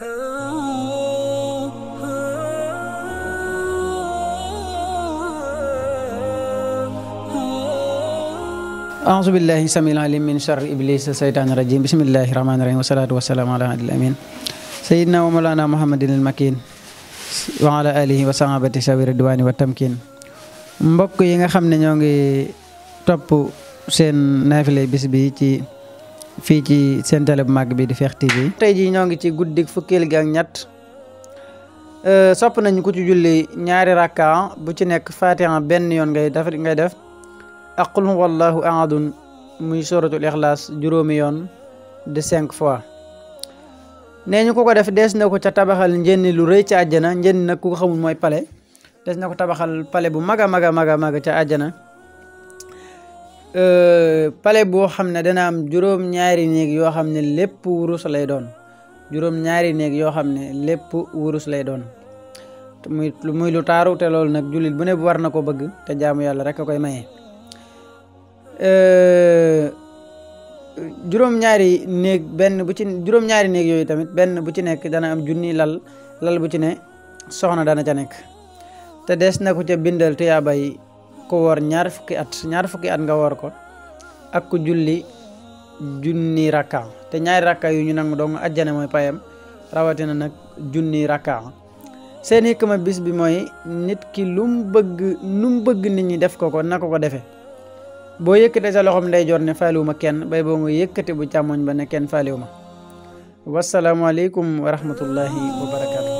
أعوذ بالله السميع العليم من شر إبليس الشيطان الرجيم بسم الله الرحمن الرحيم والصلاة والسلام على عبد الأمين سيدنا ومولانا محمد المكين وعلى آله وصحبه شاوي الرضوان والتمكين mbokk yi nga xam ne ñoo ngi topp seen naafile bis bi ci fi ci sen tele bu mag bi di fex TV. tay ji ñongi ci guddik fukel gi ak euh sopp nañ ku ci julli ñaari rakka bu ci nek fatiha ben yon ngay def ngay def aqul qul huwallahu ahadun muy suratul ikhlas juromi yon de 5 fois. neñu ko ko def des na ca tabaxal lu reey ca aljana nak xamul moy pale des na ko tabaxal pale bu maga maga maga maga ca aljana Euh, pale boo xam ne dana am juróom-ñaari néeg yoo xam ne lépp wurus lay doon juróom néeg yoo xam ne lépp wurus lay doon muy muy lu taaru te loolu nag jullit bu ne war na ko bëgg te jaamu yàlla rek a koy maye. Euh, juróom-ñaari néeg benn bu ci néeg yooyu tamit benn bu ci nekk dana am junni lal lal bu ci ne soxna dana ca nekk te des na ko ca bindal tuyaabay ko wor ñaar fukki at ñaar fukki at nga wor ko ak ku julli junni raka te ñaari raka yu ñu nang dong aljana moy payam na nak junni raka. seen hikma bis bi moy nit ki lum bëgg num bëgg nit ñi def ko ko nak ko defé bo yëkëte sa loxom ndey jor ne faaluma kenn bay bo nga yëkëte bu càmmoñ ba ne kenn wassalamu alaykum wa rahmatullahi wa barakatuh